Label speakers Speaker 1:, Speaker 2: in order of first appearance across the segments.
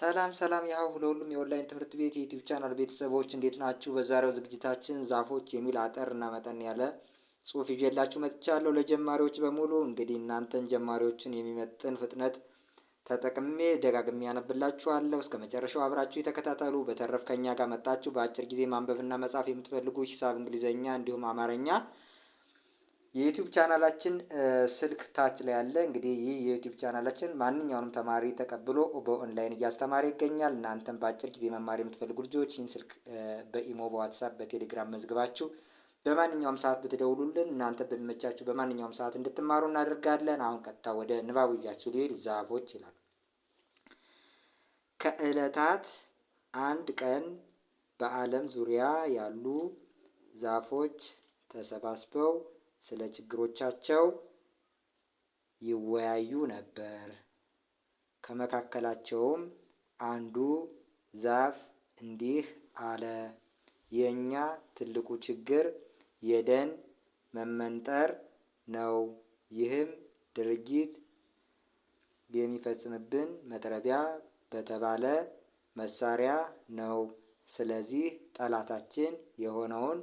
Speaker 1: ሰላም ሰላም ያው ለሁሉም የኦንላይን ትምህርት ቤት የዩቲዩብ ቻናል ቤተሰቦች እንዴት ናችሁ? በዛሬው ዝግጅታችን ዛፎች የሚል አጠር እና መጠን ያለ ጽሁፍ ይዤላችሁ መጥቻለሁ። ለጀማሪዎች በሙሉ እንግዲህ እናንተን ጀማሪዎችን የሚመጥን ፍጥነት ተጠቅሜ ደጋግሜ ያነብላችኋለሁ። እስከ መጨረሻው አብራችሁ የተከታተሉ። በተረፍ ከኛ ጋር መጣችሁ በአጭር ጊዜ ማንበብና መጻፍ የምትፈልጉ ሂሳብ፣ እንግሊዘኛ እንዲሁም አማርኛ የዩቲዩብ ቻናላችን ስልክ ታች ላይ አለ። እንግዲህ ይህ የዩቲዩብ ቻናላችን ማንኛውንም ተማሪ ተቀብሎ በኦንላይን እያስተማረ ይገኛል። እናንተም በአጭር ጊዜ መማር የምትፈልጉ ልጆች ይህን ስልክ በኢሞ፣ በዋትሳፕ፣ በቴሌግራም መዝግባችሁ በማንኛውም ሰዓት ብትደውሉልን እናንተ በሚመቻችሁ በማንኛውም ሰዓት እንድትማሩ እናደርጋለን። አሁን ቀጥታ ወደ ንባቡ እያችሁ ሊሄድ ዛፎች ይላል። ከእለታት አንድ ቀን በዓለም ዙሪያ ያሉ ዛፎች ተሰባስበው ስለ ችግሮቻቸው ይወያዩ ነበር። ከመካከላቸውም አንዱ ዛፍ እንዲህ አለ፣ የእኛ ትልቁ ችግር የደን መመንጠር ነው። ይህም ድርጊት የሚፈጽምብን መጥረቢያ በተባለ መሳሪያ ነው። ስለዚህ ጠላታችን የሆነውን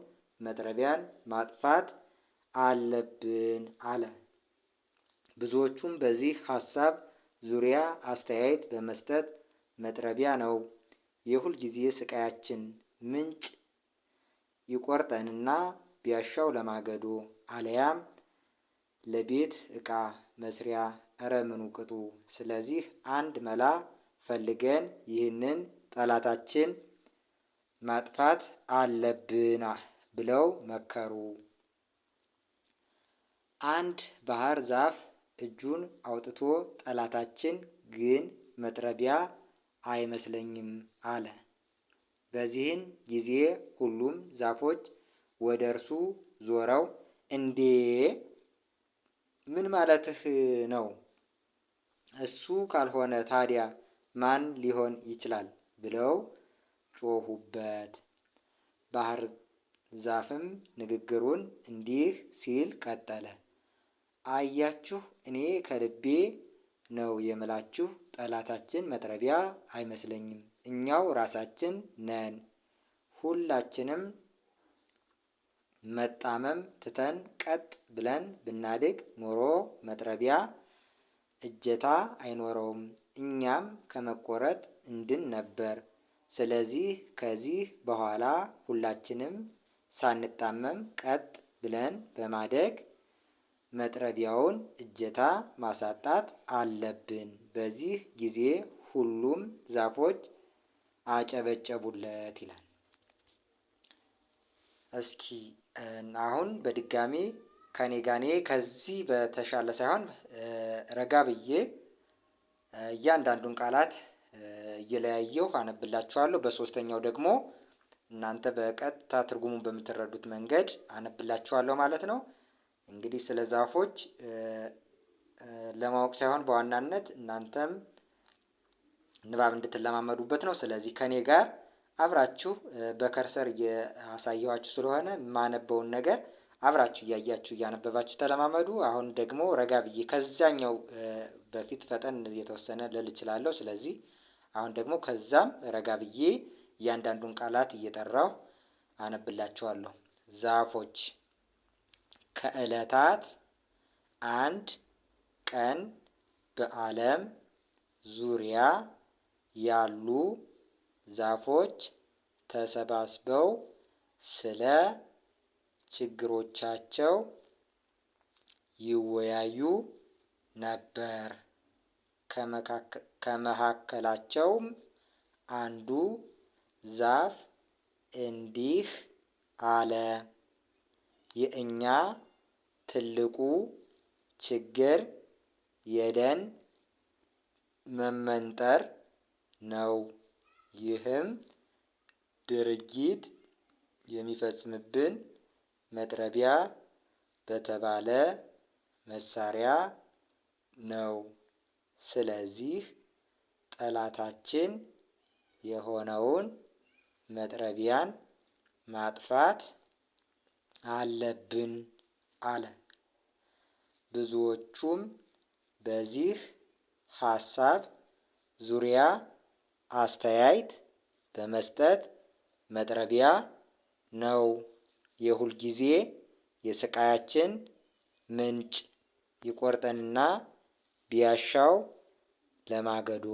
Speaker 1: መጥረቢያን ማጥፋት አለብን አለ። ብዙዎቹም በዚህ ሀሳብ ዙሪያ አስተያየት በመስጠት መጥረቢያ ነው የሁልጊዜ ስቃያችን ምንጭ ይቆርጠንና ቢያሻው ለማገዶ አለያም ለቤት ዕቃ መስሪያ እረ ምኑ ቅጡ። ስለዚህ አንድ መላ ፈልገን ይህንን ጠላታችን ማጥፋት አለብና ብለው መከሩ። አንድ ባህር ዛፍ እጁን አውጥቶ ጠላታችን ግን መጥረቢያ አይመስለኝም አለ። በዚህን ጊዜ ሁሉም ዛፎች ወደ እርሱ ዞረው እንዴ ምን ማለትህ ነው? እሱ ካልሆነ ታዲያ ማን ሊሆን ይችላል? ብለው ጮሁበት። ባህር ዛፍም ንግግሩን እንዲህ ሲል ቀጠለ። አያችሁ እኔ ከልቤ ነው የምላችሁ ጠላታችን መጥረቢያ አይመስለኝም። እኛው ራሳችን ነን። ሁላችንም መጣመም ትተን ቀጥ ብለን ብናድግ ኖሮ መጥረቢያ እጀታ አይኖረውም፣ እኛም ከመቆረጥ እንድን ነበር። ስለዚህ ከዚህ በኋላ ሁላችንም ሳንጣመም ቀጥ ብለን በማደግ መጥረቢያውን እጀታ ማሳጣት አለብን። በዚህ ጊዜ ሁሉም ዛፎች አጨበጨቡለት ይላል። እስኪ አሁን በድጋሚ ከኔ ጋኔ ከዚህ በተሻለ ሳይሆን ረጋ ብዬ እያንዳንዱን ቃላት እየለያየሁ አነብላችኋለሁ። በሶስተኛው ደግሞ እናንተ በቀጥታ ትርጉሙን በምትረዱት መንገድ አነብላችኋለሁ ማለት ነው። እንግዲህ ስለ ዛፎች ለማወቅ ሳይሆን በዋናነት እናንተም ንባብ እንድትለማመዱበት ነው። ስለዚህ ከኔ ጋር አብራችሁ በከርሰር እያሳየኋችሁ ስለሆነ የማነበውን ነገር አብራችሁ እያያችሁ እያነበባችሁ ተለማመዱ። አሁን ደግሞ ረጋ ብዬ ከዛኛው በፊት ፈጠን የተወሰነ ልል እችላለሁ። ስለዚህ አሁን ደግሞ ከዛም ረጋ ብዬ እያንዳንዱን ቃላት እየጠራሁ አነብላችኋለሁ። ዛፎች ከዕለታት አንድ ቀን በዓለም ዙሪያ ያሉ ዛፎች ተሰባስበው ስለ ችግሮቻቸው ይወያዩ ነበር። ከመካከላቸውም አንዱ ዛፍ እንዲህ አለ የእኛ ትልቁ ችግር የደን መመንጠር ነው። ይህም ድርጊት የሚፈጽምብን መጥረቢያ በተባለ መሳሪያ ነው። ስለዚህ ጠላታችን የሆነውን መጥረቢያን ማጥፋት አለብን አለ። ብዙዎቹም በዚህ ሀሳብ ዙሪያ አስተያየት በመስጠት መጥረቢያ ነው የሁልጊዜ የስቃያችን ምንጭ ይቆርጠንና ቢያሻው ለማገዶ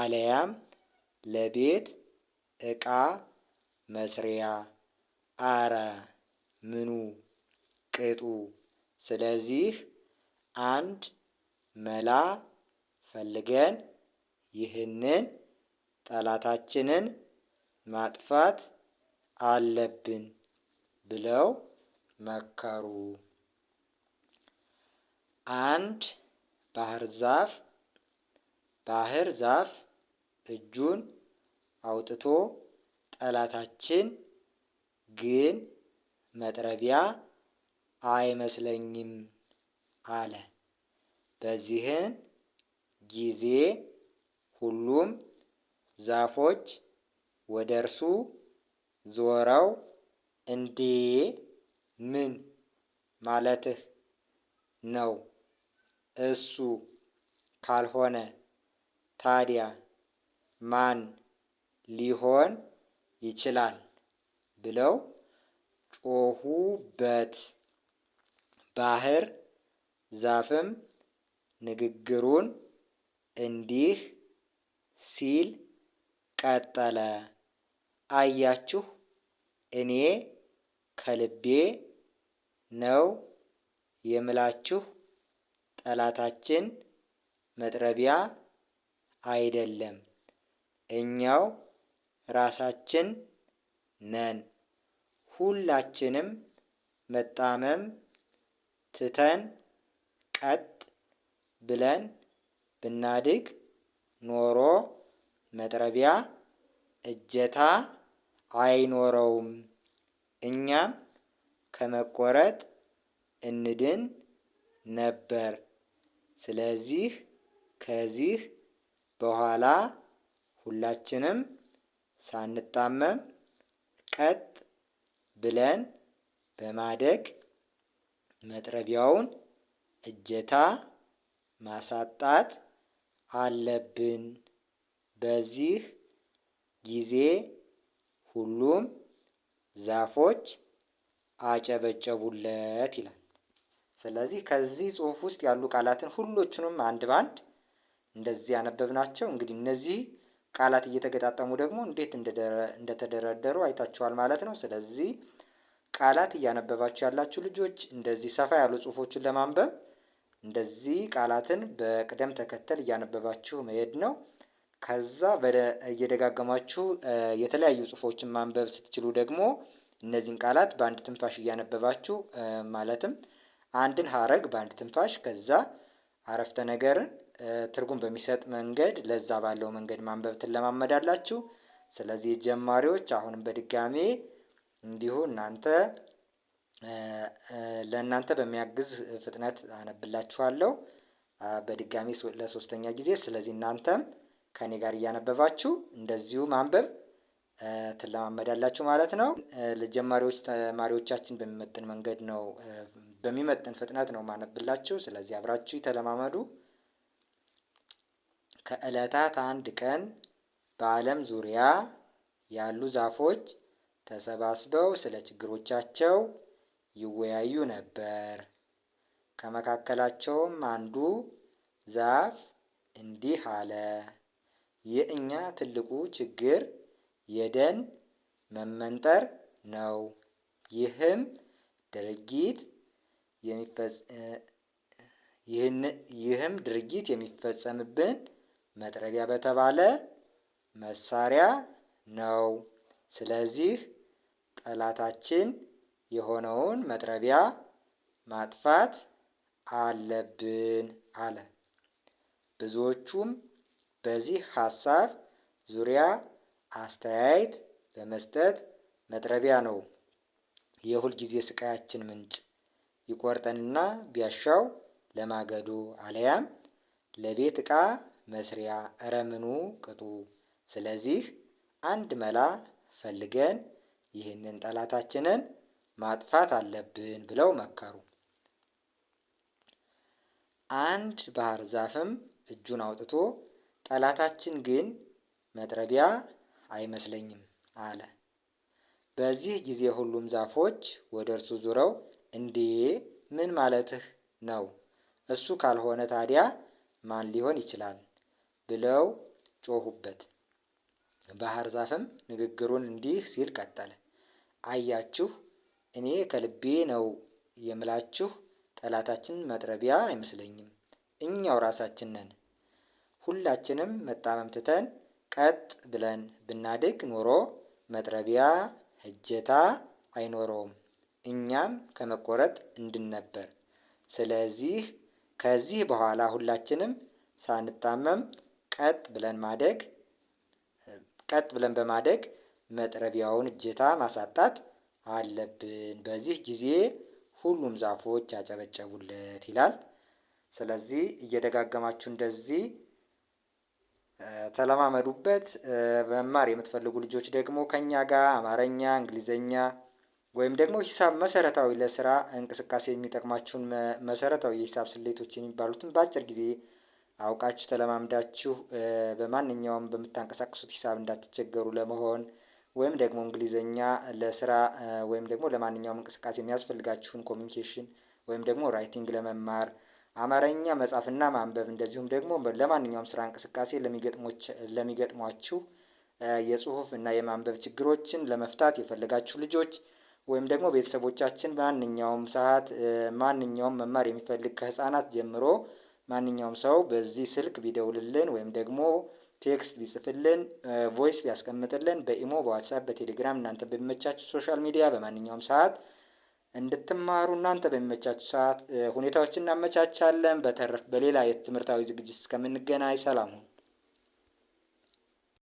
Speaker 1: አለያም ለቤት ዕቃ መስሪያ አረ ምኑ ቅጡ። ስለዚህ አንድ መላ ፈልገን ይህንን ጠላታችንን ማጥፋት አለብን ብለው መከሩ። አንድ ባህር ዛፍ ባህር ዛፍ እጁን አውጥቶ ጠላታችን ግን መጥረቢያ አይመስለኝም አለ። በዚህን ጊዜ ሁሉም ዛፎች ወደ እርሱ ዞረው እንዴ ምን ማለትህ ነው? እሱ ካልሆነ ታዲያ ማን ሊሆን ይችላል? ብለው ጮሁበት። ባህር ዛፍም ንግግሩን እንዲህ ሲል ቀጠለ። አያችሁ እኔ ከልቤ ነው የምላችሁ ጠላታችን መጥረቢያ አይደለም፣ እኛው ራሳችን ነን። ሁላችንም መጣመም ትተን ቀጥ ብለን ብናድግ ኖሮ መጥረቢያ እጀታ አይኖረውም። እኛም ከመቆረጥ እንድን ነበር። ስለዚህ ከዚህ በኋላ ሁላችንም ሳንጣመም ቀጥ ብለን በማደግ መጥረቢያውን እጀታ ማሳጣት አለብን። በዚህ ጊዜ ሁሉም ዛፎች አጨበጨቡለት ይላል። ስለዚህ ከዚህ ጽሁፍ ውስጥ ያሉ ቃላትን ሁሎቹንም አንድ በአንድ እንደዚህ ያነበብናቸው። እንግዲህ እነዚህ ቃላት እየተገጣጠሙ ደግሞ እንዴት እንደተደረደሩ አይታችኋል ማለት ነው። ስለዚህ ቃላት እያነበባችሁ ያላችሁ ልጆች እንደዚህ ሰፋ ያሉ ጽሁፎችን ለማንበብ እንደዚህ ቃላትን በቅደም ተከተል እያነበባችሁ መሄድ ነው። ከዛ እየደጋገማችሁ የተለያዩ ጽሁፎችን ማንበብ ስትችሉ ደግሞ እነዚህን ቃላት በአንድ ትንፋሽ እያነበባችሁ ማለትም አንድን ሀረግ በአንድ ትንፋሽ ከዛ አረፍተ ነገርን ትርጉም በሚሰጥ መንገድ ለዛ ባለው መንገድ ማንበብ ትለማመዳላችሁ። ስለዚህ ጀማሪዎች አሁንም በድጋሜ እንዲሁ እናንተ ለእናንተ በሚያግዝ ፍጥነት አነብላችኋለሁ በድጋሚ ለሶስተኛ ጊዜ። ስለዚህ እናንተም ከኔ ጋር እያነበባችሁ እንደዚሁ ማንበብ ትለማመዳላችሁ ማለት ነው። ለጀማሪዎች ተማሪዎቻችን በሚመጥን መንገድ ነው በሚመጥን ፍጥነት ነው ማነብላችሁ። ስለዚህ አብራችሁ ተለማመዱ። ከእለታት አንድ ቀን በዓለም ዙሪያ ያሉ ዛፎች ተሰባስበው ስለ ችግሮቻቸው ይወያዩ ነበር። ከመካከላቸውም አንዱ ዛፍ እንዲህ አለ፣ የእኛ ትልቁ ችግር የደን መመንጠር ነው። ይህም ድርጊት ይህም ድርጊት የሚፈጸምብን መጥረቢያ በተባለ መሳሪያ ነው። ስለዚህ ጠላታችን የሆነውን መጥረቢያ ማጥፋት አለብን አለ። ብዙዎቹም በዚህ ሀሳብ ዙሪያ አስተያየት በመስጠት መጥረቢያ ነው የሁልጊዜ ስቃያችን ምንጭ፣ ይቆርጠንና ቢያሻው ለማገዶ አለያም ለቤት ዕቃ መስሪያ እረምኑ ቅጡ። ስለዚህ አንድ መላ ፈልገን ይህንን ጠላታችንን ማጥፋት አለብን ብለው መከሩ። አንድ ባህር ዛፍም እጁን አውጥቶ ጠላታችን ግን መጥረቢያ አይመስለኝም አለ። በዚህ ጊዜ ሁሉም ዛፎች ወደ እርሱ ዙረው እንዴ ምን ማለትህ ነው? እሱ ካልሆነ ታዲያ ማን ሊሆን ይችላል? ብለው ጮሁበት። ባህር ዛፍም ንግግሩን እንዲህ ሲል ቀጠለ። አያችሁ እኔ ከልቤ ነው የምላችሁ ጠላታችን መጥረቢያ አይመስለኝም። እኛው ራሳችን ነን። ሁላችንም መጣመም ትተን ቀጥ ብለን ብናድግ ኖሮ መጥረቢያ እጀታ አይኖረውም፣ እኛም ከመቆረጥ እንድንነበር። ስለዚህ ከዚህ በኋላ ሁላችንም ሳንታመም ቀጥ ብለን ማደግ ቀጥ ብለን በማደግ መጥረቢያውን እጀታ ማሳጣት አለብን። በዚህ ጊዜ ሁሉም ዛፎች አጨበጨቡለት ይላል። ስለዚህ እየደጋገማችሁ እንደዚህ ተለማመዱበት። መማር የምትፈልጉ ልጆች ደግሞ ከኛ ጋር አማረኛ፣ እንግሊዘኛ ወይም ደግሞ ሂሳብ መሰረታዊ ለስራ እንቅስቃሴ የሚጠቅማችሁን መሰረታዊ የሂሳብ ስሌቶች የሚባሉትን በአጭር ጊዜ አውቃችሁ ተለማምዳችሁ በማንኛውም በምታንቀሳቅሱት ሂሳብ እንዳትቸገሩ ለመሆን ወይም ደግሞ እንግሊዘኛ ለስራ ወይም ደግሞ ለማንኛውም እንቅስቃሴ የሚያስፈልጋችሁን ኮሚኒኬሽን ወይም ደግሞ ራይቲንግ ለመማር አማርኛ መጻፍና ማንበብ እንደዚሁም ደግሞ ለማንኛውም ስራ እንቅስቃሴ ለሚገጥሟችሁ የጽሁፍ እና የማንበብ ችግሮችን ለመፍታት የፈለጋችሁ ልጆች ወይም ደግሞ ቤተሰቦቻችን ማንኛውም ሰዓት ማንኛውም መማር የሚፈልግ ከህፃናት ጀምሮ ማንኛውም ሰው በዚህ ስልክ ቢደውልልን ወይም ደግሞ ቴክስት ቢጽፍልን፣ ቮይስ ቢያስቀምጥልን በኢሞ፣ በዋትሳፕ፣ በቴሌግራም እናንተ በሚመቻችሁ ሶሻል ሚዲያ በማንኛውም ሰዓት እንድትማሩ እናንተ በሚመቻችሁ ሰዓት ሁኔታዎችን እናመቻቻለን። በተረፍ በሌላ የትምህርታዊ ዝግጅት እስከምንገናኝ ሰላም ሁኑ።